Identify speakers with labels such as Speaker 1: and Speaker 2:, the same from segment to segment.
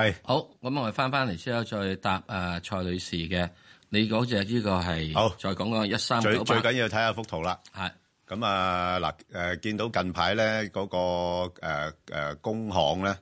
Speaker 1: 係好，咁我哋翻翻嚟，之後再答誒，蔡女士嘅，你嗰隻呢個係好，再講講一三九八。最最緊要睇
Speaker 2: 下幅圖啦。係咁啊嗱，誒見到近排咧嗰個誒誒工行咧，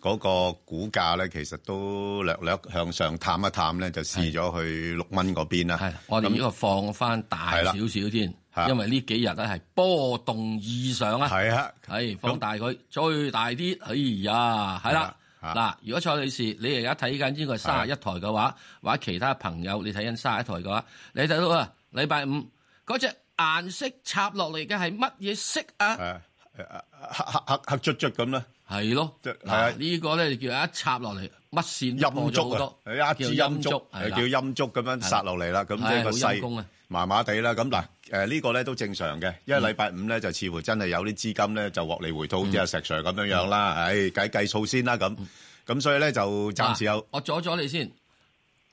Speaker 2: 嗰個股價咧其實都略略向上探一探咧，就試咗去六蚊嗰邊啦。係我諗呢個放翻大少少先，
Speaker 1: 因為呢幾日咧係波動異常啊。係啊，係放大佢再大啲，哎呀，係啦。嗱、啊，如果蔡女士你而家睇緊呢個三十一台嘅話，或者其他朋友你睇緊三十一台嘅話，你睇到啊，禮拜五嗰隻顏色插落嚟嘅係乜嘢色啊？啊啊黑黑黑黑漆漆咁啦。係咯，係啊！呢個咧叫一插落嚟，乜線都破咗好多，叫陰燭，叫陰
Speaker 2: 燭咁樣殺落嚟啦。咁即係好陰功啊！麻麻地啦，咁嗱，誒呢個咧都正常嘅，因為禮拜五咧就似乎真係有啲資金咧就獲利回吐，好似阿石 Sir 咁樣樣啦。唉，計計數先啦，咁咁所以咧就暫時有我
Speaker 1: 阻咗你先。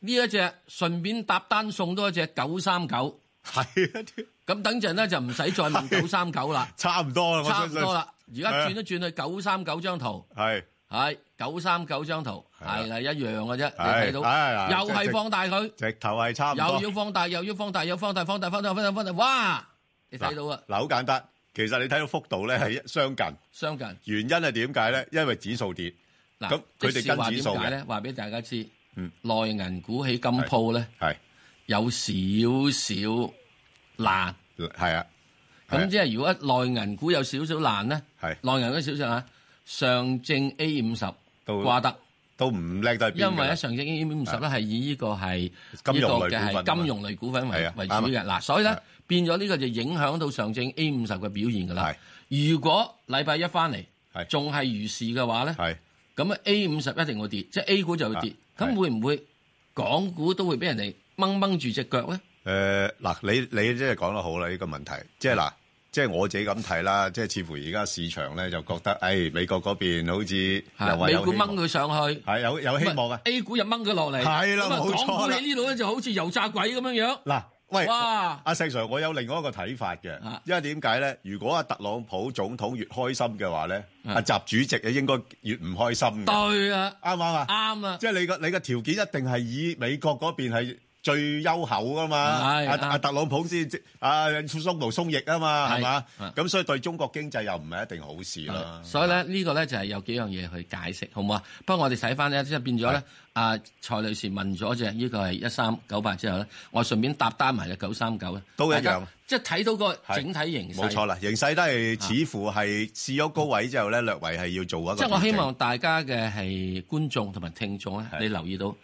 Speaker 1: 呢一隻順便搭單送多一隻九三九，係咁等陣咧就唔使再問九三九啦。差唔多啦，差唔多啦。而家轉一轉去九三九張圖，係係九三九張圖，係係一樣
Speaker 2: 嘅啫。你睇到又係放大佢，直頭係差唔多，又要
Speaker 1: 放大，又要放大，又放大，放大，放大，放大，哇！
Speaker 2: 你睇到啊，嗱好簡單，其實你睇到幅度咧係相近，相近。原因係點解咧？因為指數跌。嗱，咁即係話點解咧？
Speaker 1: 話俾大家知，嗯，內銀股起金鋪咧，
Speaker 2: 係有少少
Speaker 1: 爛，係啊。咁即係如果內銀股有少少難咧，內銀股少少難，上證 A 五十掛得都唔叻都，都因為咧上證 A 五十咧係以呢個係金，金融類股份為主嘅。嗱，所以咧變咗呢個就影響到上證 A 五十嘅表現㗎喇。如果禮拜一翻嚟仲係如是嘅話咧，咁啊 A 五十一定會跌，即係 A 股就會跌，咁會唔會港股都會俾人哋掹掹住隻腳咧？
Speaker 2: 誒、呃、嗱，你你即係講得好啦，呢、呢個問題，即係嗱。即係我自己咁睇啦，即係似乎而家市場咧就覺得，誒美國嗰邊好似又美股掹
Speaker 1: 佢上去，係有有希望嘅。A 股又掹佢落嚟，係啦冇錯。港股你呢度咧就好似油炸鬼咁樣樣。嗱，喂，哇，
Speaker 2: 阿楨 Sir，我有另外一個睇法嘅，因為點解咧？如果阿特朗普總統越開心嘅話咧，阿習主席誒應該越唔開心嘅。對啊，啱唔啱啊？啱啊，即係你個你個條件一定係以美國嗰邊係。最優厚噶嘛，阿、啊啊、特朗普先啊鬆綁鬆綻啊嘛，係嘛、啊？咁、啊、所以對中國經濟又唔係一定好事啦、啊啊、
Speaker 1: 所以咧，呢個咧就係有幾樣嘢去解釋，好唔好啊？不過我哋睇翻咧，即係變咗咧，阿、啊啊、蔡女士問咗隻呢個係、這個、一三九八之後咧，我順便搭單埋呢九三九咧，都一樣。啊、即係睇到個整體形勢。冇、啊、錯啦，
Speaker 2: 形勢都係似乎係試咗高位之後咧、啊，略為係要做一個政政。即係我希望大家
Speaker 1: 嘅係觀眾同埋聽眾咧、啊，你留意到。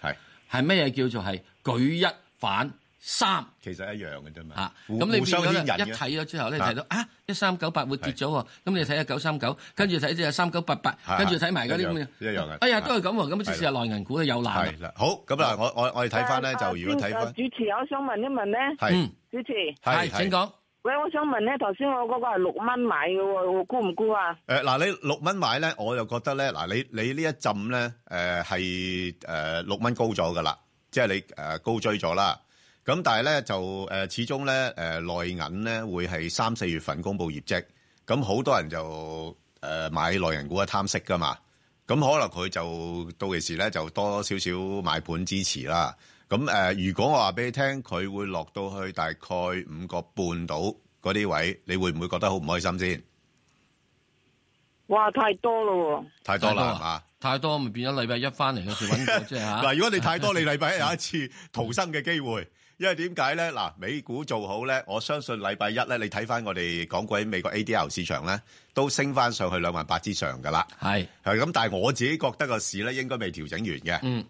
Speaker 1: 係咩叫做係舉一反三？其實一樣嘅啫嘛。咁你咪會一睇咗之後你睇到啊一三九八會跌咗喎，咁你睇下九三九，跟住睇隻三九八八，跟住睇埋嗰啲咁嘅一樣嘅。哎呀，都係咁喎，咁啊，即係內銀股啊，又爛。
Speaker 2: 好咁嗱，我我我哋睇返呢就如果睇返。啊、
Speaker 3: 主持，我想問一問咧，主持係。請講。喂，
Speaker 2: 我想問咧，頭先我嗰個係六蚊買嘅喎，估唔估啊？誒，嗱，你六蚊買咧，我又覺得咧，嗱，你你呢一浸咧，誒、呃，係誒六蚊高咗噶啦，即係你誒高追咗啦。咁但係咧就誒，始終咧誒，內銀咧會係三四月份公布業績，咁好多人就誒、呃、買內銀股嘅貪息噶嘛，咁可能佢就到期時咧就多少少買盤支持啦。咁誒、呃，如果我話俾你聽，佢會落到去大概五個半度嗰啲位，你會唔會覺得好唔開心先？
Speaker 3: 哇！太多咯喎、
Speaker 2: 哦！太多啦，係嘛？太多咪變咗禮拜一翻嚟嗰時揾嘅。嗱，如果你太多， 你禮拜一有一次逃生嘅機會。因為點解咧？嗱、啊，美股做好咧，我相信禮拜一咧，你睇翻我哋港股喺美國 A D L 市場咧，都升翻上去兩萬八之上㗎啦。係係咁，但係我自己覺得個市咧應該未調整完嘅。嗯。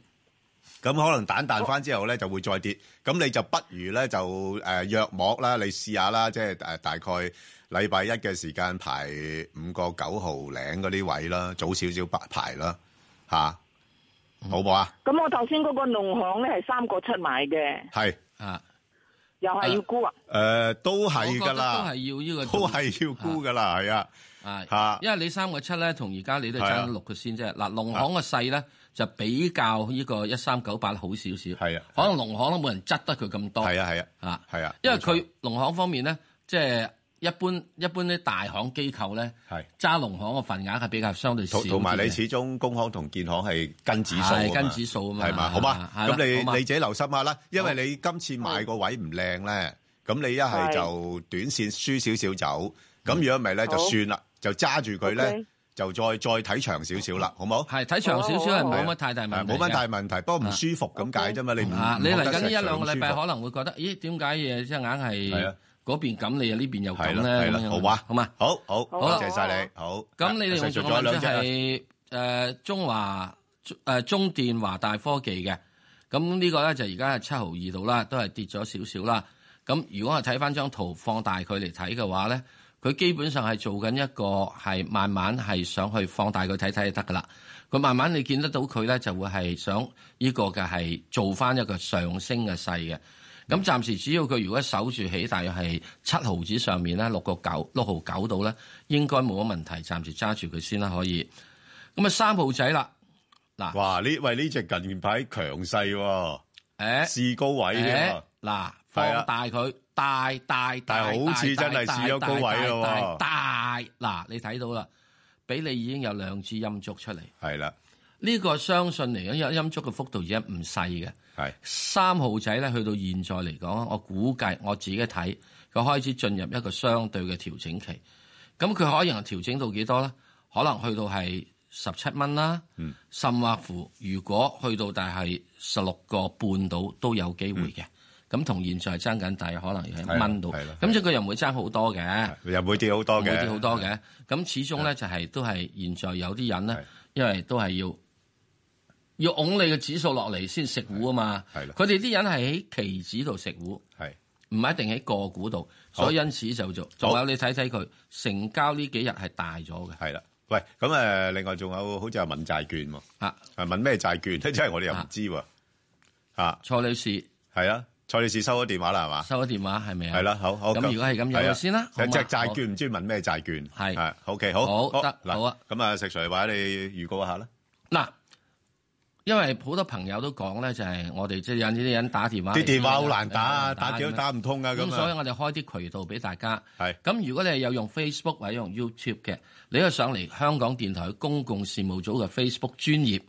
Speaker 2: 咁可能蛋彈翻之後咧就會再跌，咁你就不如咧就誒約莫啦，你試下啦，即係、呃、大概禮拜一嘅時間排五個九號領嗰啲位啦，早少少排啦吓、嗯？好唔好啊？
Speaker 3: 咁我頭先嗰個農行咧
Speaker 2: 係三個七買嘅，係啊，又係要沽啊？都係㗎啦，都係要呢個都係要沽㗎啦，係啊，啊，因為你
Speaker 1: 三個七咧同而家你都爭六個先啫，嗱、啊，農行嘅細咧。就比較呢個1398一三九八好少少，啊，啊，可能農行都冇人執得佢咁多，係啊係啊，啊係啊，因為佢農行方面咧，即、就、係、是、一般一般啲大行機構咧，係揸、啊、農行
Speaker 2: 個份額係比較相對少少。同埋你始終工行同建行係根指數係根指數啊嘛，係嘛，好嘛，咁、啊啊、你你自己留心下啦，因為你今次買個位唔靚咧，咁、嗯、你一係就短線輸少少走，咁如果唔係咧就算啦，就揸住佢咧。Okay. 就再再睇長少少啦，好唔好？係睇長少少係冇乜太大問題，冇乜、啊、大問題，啊、不過唔舒服咁解啫嘛。你你嚟緊呢一兩個禮拜可
Speaker 1: 能會覺得，咦？點解嘢即係硬係嗰邊咁、啊，你又呢邊又咁咧？係啦、啊啊啊啊啊，好話、啊、好嘛、啊啊，好，好、啊，多謝晒你說說。好、就是。咁你哋講咗嘅就係中華誒中電華大科技嘅，咁、啊、呢個咧就而家係七毫二度啦，都係跌咗少少啦。咁如果係睇翻張圖放大佢嚟睇嘅話咧。佢基本上係做緊一個，係慢慢係想去放大佢睇，睇就得噶啦，佢慢慢你見得到佢咧，就會係想呢個嘅係做翻一個上升嘅勢嘅。咁暫時只要佢如果守住起，大約係七毫子上面咧，六個九六毫九到咧，應該冇乜問題。暫時揸住佢先啦，可以。咁啊三號仔啦，嗱，哇！呢喂呢隻近排
Speaker 2: 強勢喎、啊，試、欸、高位嘅、啊，嗱、欸，放
Speaker 1: 大佢。大大大大大大大嗱，你睇到啦，俾你已經有兩支陰燭出嚟。係、嗯、啦，呢、呢個相信嚟講，陰燭嘅幅度而家唔細嘅。三號仔咧，去到現在嚟講，我估計我自己睇，佢開始進入一個相對嘅調整期。咁、嗯、佢、嗯、可能調整到幾多咧？可能去到係十七蚊啦。甚或乎，如果去到但係十六個半度都有機會嘅。咁同現在爭緊，但係可能係掹到，咁即係佢又唔會爭好多嘅，
Speaker 2: 又唔會跌好多
Speaker 1: 嘅。咁始終咧就係都係現在有啲人咧，因為都係要要拱你嘅指數落嚟先食糊啊嘛。係啦，佢哋啲人係喺期指度食糊，係唔係一定喺個股
Speaker 2: 度？所以因此就做。仲有你睇睇佢成交呢幾日係大咗嘅。係啦，喂，咁另外仲有好似有問債券喎。啊，問咩債券即係真係我哋又唔知喎、啊。啊，蔡女士係啊。蔡女士收咗電話啦，係嘛？收咗電話係咪啊？係啦，好好咁。如果係咁樣，由先啦。有隻債券，唔知問咩債券？係，OK，好，好得，好啊。咁啊，石 Sir 話你預告一下啦。嗱，因為好多朋友都
Speaker 1: 講咧，就係、是、我哋即係有呢啲人打電話，啲電話好難打，打幾都打唔通啊。咁，所以我哋開啲渠道俾大家係。咁如果你係有用 Facebook 或者用 YouTube 嘅，你可以上嚟香港電台公共事務組嘅 Facebook 專頁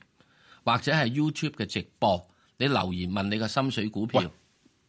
Speaker 1: 或者係 YouTube 嘅直播，你留言問你個心水股票。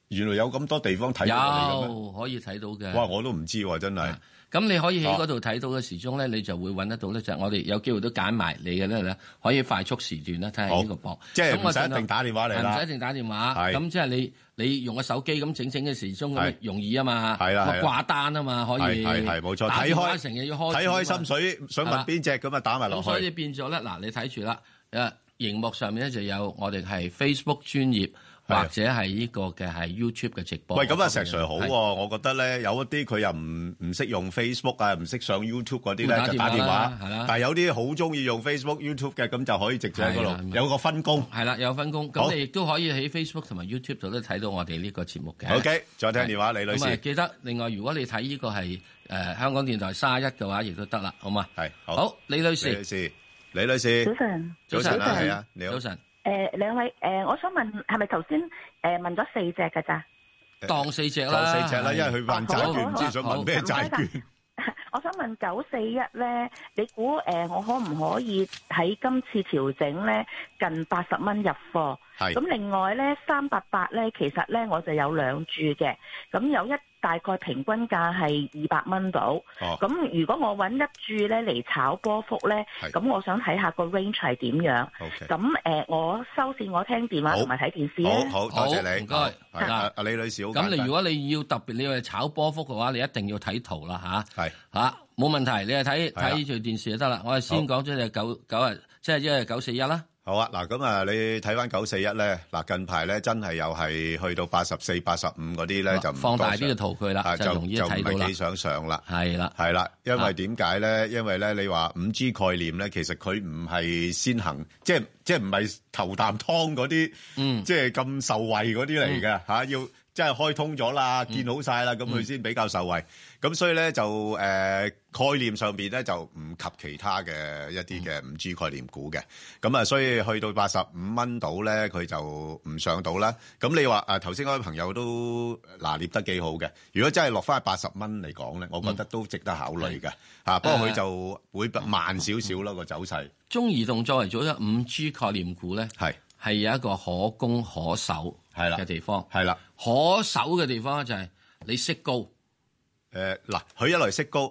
Speaker 1: 原來有咁多地方睇到嘅有可以睇到嘅。哇！我都唔知喎，真係。咁你可以喺嗰度睇到嘅時鐘咧、啊，你就會搵得到咧。就係、我哋有機會都揀埋你嘅咧，可以快速時段呢睇下呢個博。即係唔使一定打電話嚟唔使一定打電話。咁即係你你用個手機咁整整嘅時鐘容易啊嘛。
Speaker 2: 係啦，掛單啊嘛，可以。係係冇錯。睇開成日要睇開心水，想問邊隻咁啊，打埋落去。咁所以
Speaker 1: 變咗咧，嗱你睇住啦。誒，熒幕上面咧就有我哋係 Facebook 專頁。或者係呢個嘅，係 YouTube 嘅直播。喂，咁啊，石 Sir 好，
Speaker 2: 我覺得咧，有一啲佢又唔唔識用 Facebook 啊，唔識上 YouTube 嗰啲咧就打電話。係啦。但係有啲好中意用 Facebook、YouTube 嘅，咁就可以直接喺嗰度有個分工。
Speaker 1: 係啦，有分工。咁你亦都可以喺 Facebook 同埋 YouTube 度都睇到我哋呢個節目嘅。OK，再聽電話，李女士。記得另外，如果你睇呢個係誒香港電台三一嘅話，亦都得啦，好嘛？係好。好，李女士。
Speaker 2: 李女士。早晨。早晨
Speaker 1: 啊，係啊，你好。
Speaker 3: 誒兩位誒，我想問係咪頭先誒問咗四隻㗎咋？
Speaker 1: 當四隻啦，四隻啦，因為佢問
Speaker 2: 債券，唔知想問咩債券。
Speaker 3: 我想問九四一咧，你估誒我可唔可以喺今次調整咧近八十蚊入貨？係。咁另外咧三八八咧，其實咧我就有兩注嘅，咁有一。大概平均價係二百蚊到，咁、哦、如果我揾一注咧嚟炒波幅咧，咁我想睇下個 range 係點樣。咁誒，我收線我聽電話同埋睇電視好好多謝，
Speaker 1: 謝你唔該啊，李女士。咁你如果你要特別你要去炒波幅嘅話，你一定要睇圖啦吓。係吓冇問題，你係睇睇呢條電視就得啦。我係先講咗隻九九啊，即係即係九四一啦。
Speaker 2: 好啊，嗱咁啊，你睇返九四一咧，嗱近排咧真係又係去到八十四、八十五嗰啲咧，就放大啲嘅圖佢啦，就容易睇到你想上啦，係啦，係啦，因為點解咧？因為咧，你話五 G 概念咧，其實佢唔係先行，即係即係唔係頭啖湯嗰啲，即係咁受惠嗰啲嚟嘅吓，要。真係開通咗啦，見好晒啦，咁佢先比較受惠。咁、嗯、所以咧就誒、呃、概念上面咧就唔及其他嘅一啲嘅五 G 概念股嘅。咁、嗯、啊，所以去到八十五蚊度咧，佢就唔上到啦。咁你話啊，頭先嗰位朋友都拿捏得幾好嘅。如果真係落翻八十蚊嚟講咧，我覺得都值得考慮嘅、嗯、不過佢就會慢少少咯，嗯那個
Speaker 1: 走勢。
Speaker 2: 中移動作為咗一
Speaker 1: 五 G 概念股咧，係。係有一個可攻可守係啦嘅地方，係啦，可守嘅地方咧就係你息高，
Speaker 2: 誒嗱，佢一來息高，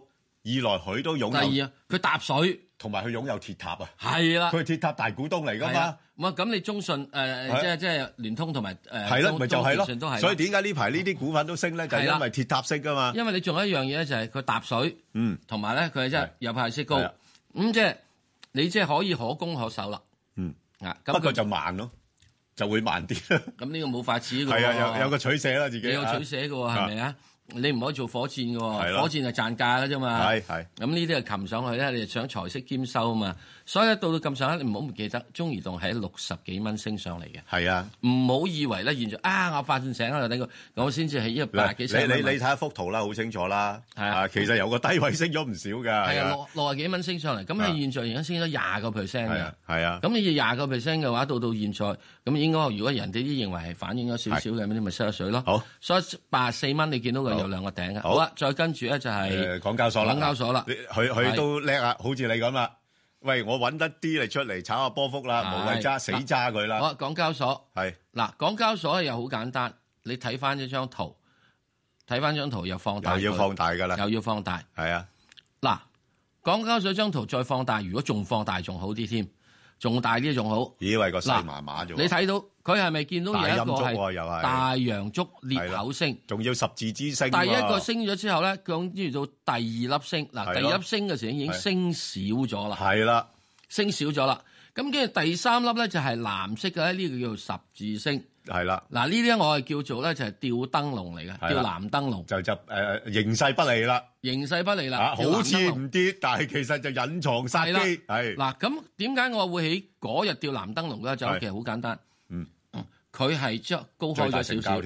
Speaker 2: 二來佢都擁有第二啊，佢搭水，同埋佢擁有鐵塔啊，係啦，佢係鐵塔大股東嚟噶嘛，
Speaker 1: 哇，咁你中信誒即係即係聯通同埋誒係啦，咪就係咯，所以點
Speaker 2: 解呢排呢啲股份都升咧？就係因為鐵塔
Speaker 1: 升噶嘛，因為你仲有一樣嘢咧，就係佢搭水，嗯，同埋咧佢即係又派息高，咁即係你即係可以可攻可守啦。
Speaker 2: 啊，不過就慢咯，就會慢啲。咁呢個冇法子，喎。啊，啊啊有有個取捨啦、啊，自己。你有取捨嘅喎、啊，係、啊、咪啊，啊？
Speaker 1: 你唔可以做火箭嘅喎、啊。火箭就賺價嘅啫嘛。係咁呢啲就擒上去咧，你就想財色兼收啊嘛。所以到到咁上下，你唔好唔記得，中移動係喺六十幾蚊升上嚟嘅。係啊，唔好以為咧現在啊，我發現醒啦，頂個我先至係一百幾。你你睇下幅
Speaker 2: 圖啦，好清楚啦。係啊，啊，其實有個低位升咗唔少㗎。係啊，六
Speaker 1: 六十幾蚊升上嚟，咁你現在而家升咗廿個 percent 㗎。係啊，咁，啊，你要廿個 percent 嘅話，到到現在咁應該，如果人哋啲認為係反映咗少少嘅，咁你咪收水咯。好，所以八十四蚊你見到佢有兩個頂嘅。好啊，
Speaker 2: 再跟住咧就係港交所啦，港交所啦，佢佢都叻啊，好似你咁啊。喂，我揾得啲嚟出嚟炒下波幅啦，無謂揸死揸佢啦。好、啊，港交所
Speaker 1: 係，嗱，港交所又好簡單，你睇翻一張圖，睇翻張圖又放大，又要放大噶啦，又要放大，係啊。嗱，港交所張圖再放大，如果仲放大仲好啲添。仲大啲仲好，以為個細麻麻啫。你睇到佢係咪見到有一個大陽燭裂口升，仲有十字之星。第一個升咗之後呢，講之於到第二粒星。第二粒星嘅時候已經升少咗啦。係啦，升少咗啦。咁跟住第三粒呢，就係藍色嘅呢個叫十字星。係啦，嗱呢啲我係叫做咧就係、是、吊燈籠嚟嘅。吊藍燈籠就就誒形勢不利啦，形勢不利啦、啊，好似唔跌，但係其實就隱藏殺機。係嗱，咁點解我會喺嗰日吊藍燈籠咧？就其實好簡單，嗯，佢係即高開咗少少，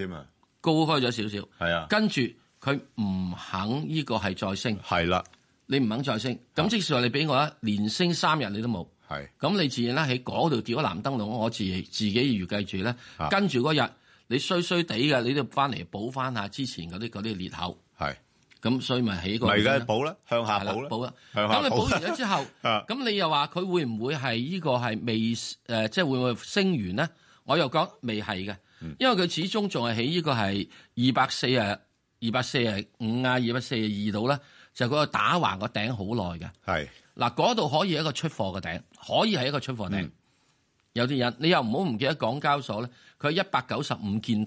Speaker 1: 高開咗少少，係啊，跟住佢唔肯呢個係再升，係啦，你唔肯再升，咁即時話你俾我一連升三日，你都冇。係，咁你自然啦喺嗰度跌咗藍燈籠，我自己自己預計住咧，跟住嗰日你衰衰地嘅，你都翻嚟補翻下之前嗰啲啲裂口。係，咁所以咪起個而家補啦，向下補啦，補啦。咁你補完咗之後，咁 你又話佢會唔會係呢個係未誒、呃，即係會唔會升完咧？我又講未係嘅，因為佢始終仲係起呢個係二百四啊，二百四啊五啊，二百四啊二度啦，就嗰、是、個打橫個頂好耐嘅。係。嗱，嗰度可以係一個出貨嘅頂，可以係一個出貨頂。嗯、有啲人你又唔好唔記得港交所咧，佢一百九十五見底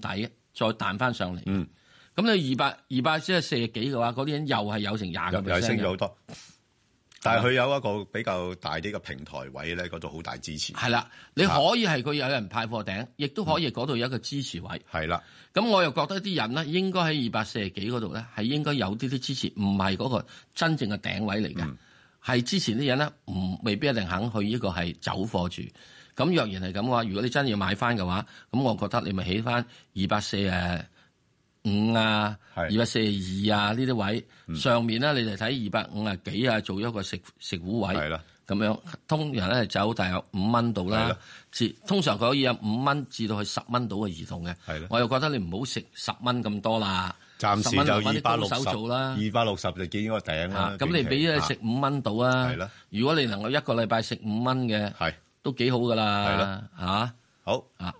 Speaker 1: 再彈翻上嚟。咁、嗯、你二百二百即係四十幾嘅話，嗰啲人又係有成廿個 percent，又係升咗好多。
Speaker 2: 但係佢有一個比較大啲嘅平台位咧，嗰度好大支持。係啦，你可以係佢有人派貨頂，亦
Speaker 1: 都可以嗰度有一個支持位。係、嗯、啦，咁我又覺得啲人咧應該喺二百四十幾嗰度咧係應該有啲啲支持，唔係嗰個真正嘅頂位嚟嘅。嗯係之前啲人咧，唔未必一定肯去呢個係走貨住。咁若然係咁嘅話，如果你真要買翻嘅話，咁我覺得你咪起翻二百四啊、五啊，二百四啊、二啊呢啲位上面咧，你哋睇二百五啊幾啊做一個食食糊位。係啦，咁樣通常咧走大約五蚊到啦。係啦，至通常佢可以有五蚊至到去十蚊到嘅移動嘅。係啦，我又覺得你唔好食十蚊咁多啦。暫時就二百六十做啦，二百六十就見依個頂啦。咁你俾咧食五蚊到啊！如果你能夠一個禮拜食五蚊嘅，都幾好噶啦
Speaker 2: 嚇。好啊，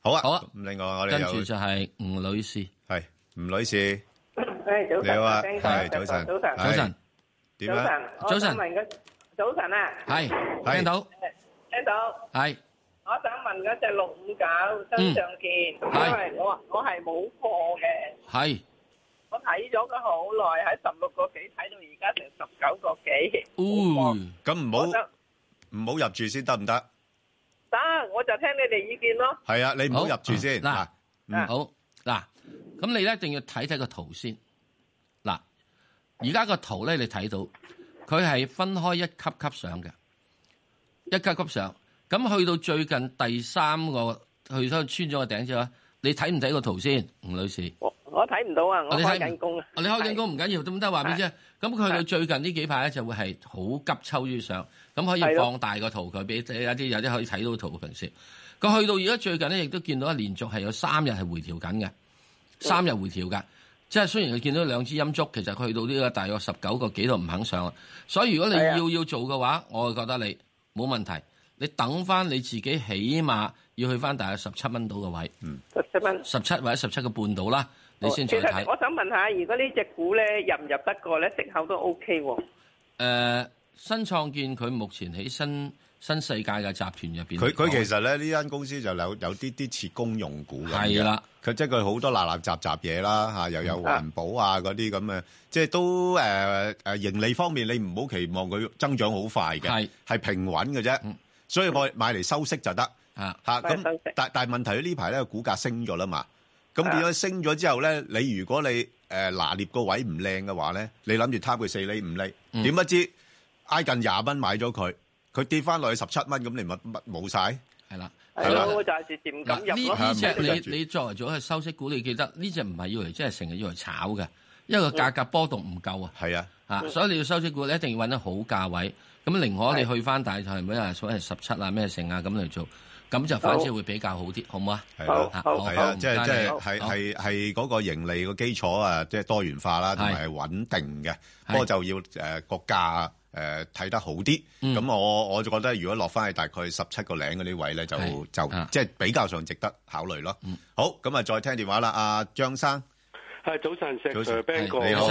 Speaker 1: 好啊，好啊。
Speaker 2: 另外我哋又跟住就係吳女士，係吳女士。誒，早晨，早晨，
Speaker 3: 早晨，早晨，早晨，早晨，早晨啊！係，聽到，聽到，係。我想問嗰
Speaker 1: 隻六五九，稍後
Speaker 3: 見，因為我我係冇貨嘅。係。我睇咗
Speaker 2: 佢好耐，喺十六個幾睇到而家成十九個幾。嗯，咁唔好唔好入住先得唔得？
Speaker 3: 得，我就聽你哋意見咯。
Speaker 2: 係啊，
Speaker 1: 你唔好入住先嗱。好嗱，咁、啊啊啊啊、你一定要睇睇個圖先嗱。而家個圖咧，你睇到佢係分開一級級上嘅，一級級上。咁去到最近第三個，去咗穿咗個頂之後。你睇唔睇個圖先，吳女士？
Speaker 3: 我睇唔到啊！我開緊工啊！我你，你開緊工
Speaker 1: 唔緊要，都唔得話畀啫？咁佢去到最近呢幾排咧，就會係好急抽於上，咁可以放大個圖佢俾有啲有啲可以睇到圖嘅平時。佢去到而家最近咧，亦都見到連連續係有三日係回調緊嘅，三日回調噶。即係、就是、雖然佢見到兩支陰燭，其實佢去到呢個大約十九個幾度唔肯上啦。所以如果你要要做嘅話，我就覺得你冇問題。你等翻你自己，起碼要去翻大約十七蚊到嘅位，嗯，十七蚊，十七或者十七個半到啦。其實我想問下，如果呢
Speaker 3: 隻股咧，入唔
Speaker 1: 入得過咧？息口都 O K 喎。誒，新創建佢目前喺新新世界嘅集團入邊。佢佢其實
Speaker 2: 咧呢間公司就有有啲啲似公用股咁嘅。係啦，佢即係佢好多垃垃雜雜嘢啦，吓又有環保啊嗰啲咁嘅，即係都誒誒盈利方面你唔好期望佢增長好快嘅，係係平穩嘅啫。所以我買嚟收息就得啊吓，咁。但但問題咧呢排咧股價升咗啦嘛。咁變咗升咗之後咧，你如果你誒拿捏個位唔靚嘅話咧，你諗住貪佢四厘五厘，點、嗯、不知挨近廿蚊買咗佢，佢跌翻落去十七蚊，咁你咪冇晒？係啦，係啦，就係漸漸唔
Speaker 3: 敢入咯。呢隻你你
Speaker 1: 作為咗係收息股，你記得呢隻唔係要嚟，即係成日要嚟炒嘅，
Speaker 3: 因為個價格
Speaker 1: 波動唔夠啊。係啊，啊，所以你要收息股，你一定要揾得好價位。咁寧可你去翻大台，唔好係所謂十七啊咩成啊咁嚟做。咁就反而會比較好啲，好唔好
Speaker 2: 啊？係好係啊，好哦啊嗯、即係即係係係係嗰個盈利嘅基礎啊，即係多元化啦，同埋係穩定嘅。不過就要誒個價誒睇得好啲。咁、嗯、我我就覺得，如果落翻去大概十七個零嗰啲位咧，就就，就、啊、即係比較上值得考慮咯、嗯。好，咁啊，再聽電話啦，阿、啊、張生。
Speaker 3: 係，早晨，石晨，Ben 哥，Bingo，你好。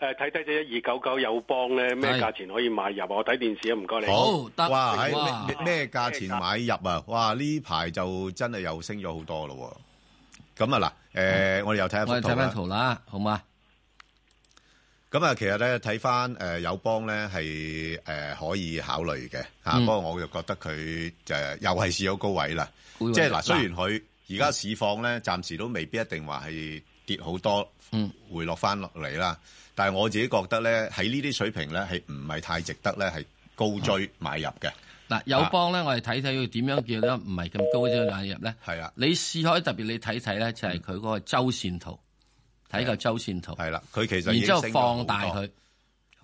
Speaker 3: 誒，睇低隻一二九九友邦咧，咩價錢可以買入，oh, 錢
Speaker 2: 買入？呃嗯、我睇電視啊，唔該你。好得哇，咩咩價錢買入啊？哇，呢排就真係又升咗好多咯。咁啊嗱，誒，我哋又睇一幅圖
Speaker 1: 啦，好嘛？
Speaker 2: 咁啊，其實咧睇翻誒友邦咧係誒可以考慮嘅吓，不、嗯、過我又覺得佢、呃、又係市咗高位啦。即係嗱，雖然佢而家市況咧暫時都未必一定話係。跌好多，回落翻落嚟啦。但係我自己覺得咧，喺呢啲水平咧係唔係太值得咧係高追買入嘅。
Speaker 1: 嗱、嗯，友邦咧，啊、我哋睇睇佢點樣叫咧，唔係咁高追買入咧。係啊，你試下特別你睇睇咧，就係佢嗰個周線圖，睇、嗯、個、嗯、周線圖。係啦，佢其實已經然之後放大佢，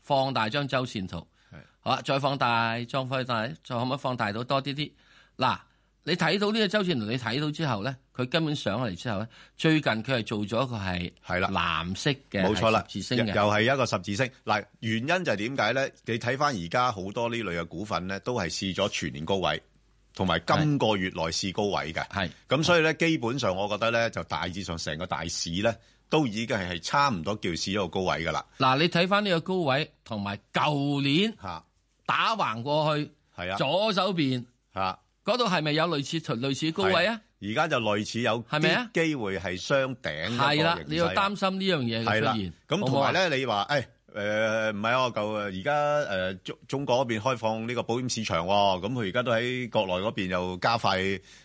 Speaker 1: 放大張周線圖。係，好啦，再放大，再放大，再可唔可以放大到多啲啲？嗱、啊。你睇到呢個周線圖，你睇到之後咧，佢根本上嚟之後咧，最近佢係做咗一個係藍色嘅，冇錯啦，十字星嘅，又係一
Speaker 2: 個十字星，嗱，原因就係點解咧？你睇翻而家好多呢類嘅股份咧，都係試咗全年高位，同埋今個月內試高位嘅。咁，所以咧，基本上我覺得咧，就大致上成個大市咧，都已經係差唔多叫試咗個高位噶啦。
Speaker 1: 嗱，你睇翻呢個高位同埋舊年打橫過去，啊，左手邊嗰度係咪有類似類似高位啊？而家就
Speaker 2: 類似有啲機會係雙頂嘅形勢。係啦，你要擔心呢樣嘢嘅出現。咁同埋咧，你話誒誒唔係我舊誒，而家誒中中國嗰邊開放呢個保險市場喎，咁佢而家都喺國內嗰邊又加快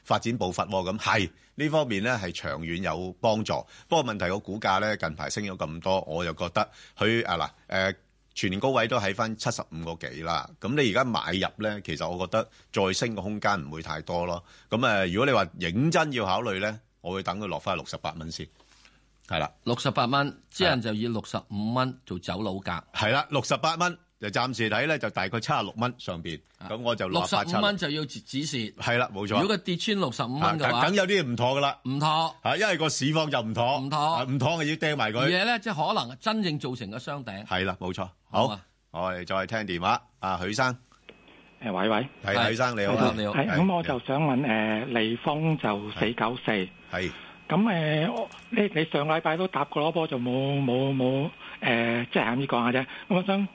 Speaker 2: 發展步伐喎，咁係呢方面咧係長遠有幫助。不過問題個股價咧近排升咗咁多，我又覺得佢啊嗱誒。全年高位都喺翻七十五個幾啦，咁你而家買入咧，其實我覺得再升嘅空間唔會太多咯。咁誒，如果你話認真要考慮咧，我會等佢落翻六十八蚊先。係啦，六十八蚊，之後人就以六十五蚊做走佬價。係啦，六十八蚊。就暫時睇咧，就大概七十六蚊上面。咁、啊、我就落八七蚊
Speaker 1: 就要指示。係啦、啊，冇錯。如果跌穿六十五蚊就梗
Speaker 2: 有啲唔妥㗎啦，唔妥。因為個市況就唔妥，唔妥，唔、啊、妥要，要掟埋佢。嘢
Speaker 1: 呢，咧，即係可能真
Speaker 2: 正造成嘅雙頂。係啦、啊，冇錯好、啊。好，我哋再聽電話。啊，許生，
Speaker 3: 誒，喂喂，係許生，你好，你好。咁我就想問誒，利豐就四九四，咁、呃呃、你你上禮拜都搭過一波就、呃，就冇冇冇誒，即係咁講下啫。我想。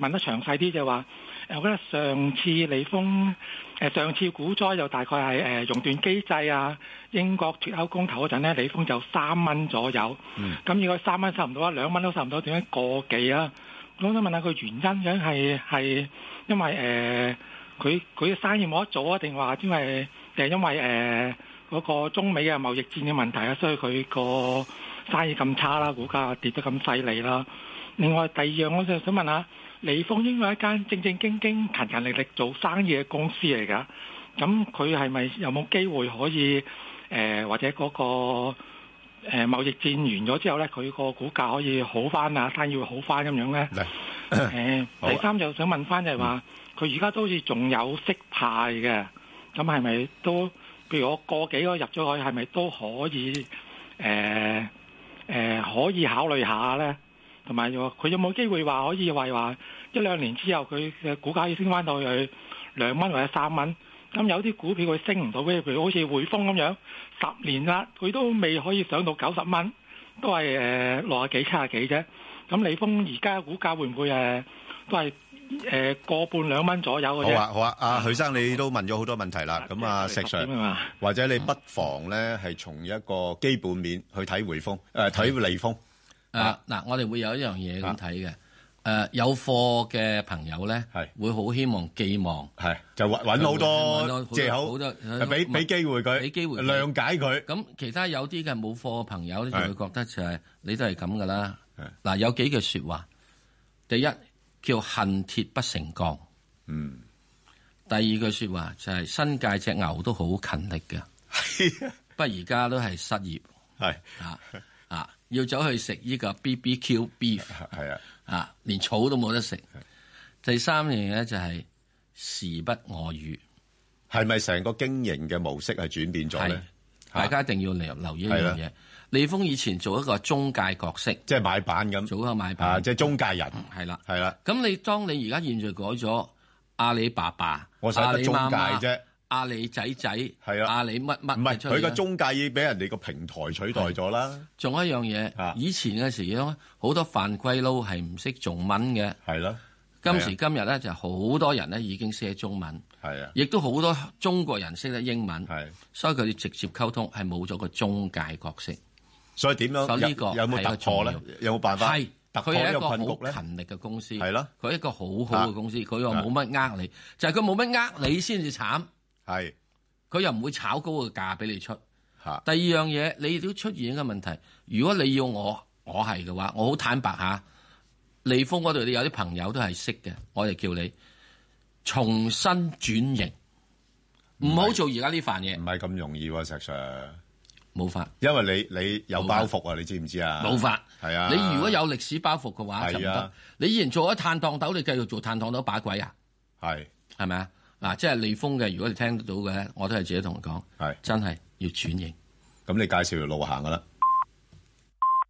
Speaker 3: 問得詳細啲就話，我覺得上次利豐、呃、上次股災就大概係誒、呃、熔斷機制啊，英國脱歐公投嗰陣咧，利豐就三蚊左右。咁如果三蚊收唔到啊，兩蚊都收唔到，點解過幾啊、呃呃那個？我想問下佢原因，梗係係因為誒佢佢生意冇得做啊，定話因為誒因為誒嗰個中美嘅貿易戰嘅問題啊，所以佢個生意咁差啦，股價跌得咁犀利啦。另外第二樣我就想問下。利豐應該係一間正正經經、勤勤力力做生意嘅公司嚟噶，咁佢係咪有冇機會可以誒、呃、或者嗰、那個誒、呃、貿易戰完咗之後呢，佢個股價可以好翻啊，生意會好翻咁樣呢、 呃？第三就是想問翻就係話，佢而家都好似仲有息派嘅，咁係咪都譬如我過幾個入咗去，係咪都可以誒誒、呃呃、可以考慮一下呢？同埋又話佢有冇機會話可以話一兩年之後佢嘅股價要升翻到去兩蚊或者三蚊？咁有啲股票佢升唔到嘅，譬如好似匯豐咁樣，十年啦佢都未可以上到九十蚊，都係誒六十幾七十幾啫。咁利豐而家股價會唔會誒都係誒個半兩蚊左右嘅啫？好啊好
Speaker 2: 啊，阿許生你都問咗好多問題啦，咁啊石 Sir 或者你不妨咧係從一個基本面去睇匯豐誒睇利豐。啊嗱、啊啊，我哋會有
Speaker 1: 一樣嘢咁睇嘅。誒、啊啊、有貨嘅朋友咧，會好希望寄望，係就揾好多借口，好多俾俾機會佢，俾機會，諒解佢。咁其他有啲嘅冇貨嘅朋友咧，就會覺得就係、是、你都係咁噶啦。嗱、啊，有幾句説話，第一叫恨鐵不成鋼。嗯。第二句説話就係、是、新界隻牛都好勤力㗎。不過而家都係失業。係啊。要走去食呢個 BBQ beef，係啊，啊連草都冇得食、啊。第三樣嘢就係時不我與。係咪成個經營嘅模式係轉變咗咧、啊？大家一定要留意一樣嘢。利豐、啊、以前做一個中介角色，即係買辦咁，做一個
Speaker 2: 買辦，即係、啊就是、中介人，係啦、
Speaker 1: 啊，係啦、啊。咁、啊啊啊啊啊、你當你而家現在現改咗阿里巴巴，我使乜中介啫？阿、啊、里仔仔係啊，阿里乜乜，唔係佢個中介，已俾人哋個平台取代咗啦。仲、啊、有一樣嘢、啊，以前嘅時咯，好多番鬼佬係唔識中文嘅，係啦、啊啊、今時今日咧就好多人咧已經寫中文，係啊，亦都好多中國人識得英文，係、啊。所以佢哋直接溝通係冇咗個中介角色。啊、所以點樣呢個有冇突破咧？有冇辦法？係、啊，佢係一個好勤力嘅公司，係啦，佢係一個好好嘅公司，佢話冇乜呃你，就係佢冇乜呃你先至慘。啊係，佢又唔會炒高個價俾你出。吓，第二樣嘢，你都出現一個問題。如果你要我，我係嘅話，我好坦白吓，利豐嗰度你有啲朋友都係識嘅，我就叫你重
Speaker 2: 新轉型，唔好做而家呢份嘢。唔係咁容易喎、啊，石 Sir。冇法。因為你你有包袱啊，你知唔知啊？冇法。係啊。你如果有歷史包
Speaker 1: 袱嘅話、啊、就唔、啊、你依然做咗碳檔豆，你繼續做碳檔豆把鬼啊？係。係咪啊？嗱，即係利豐嘅，如果你聽得到嘅，咧，我都係自己同佢講，係，真係要轉型。咁你介紹條路行㗎啦。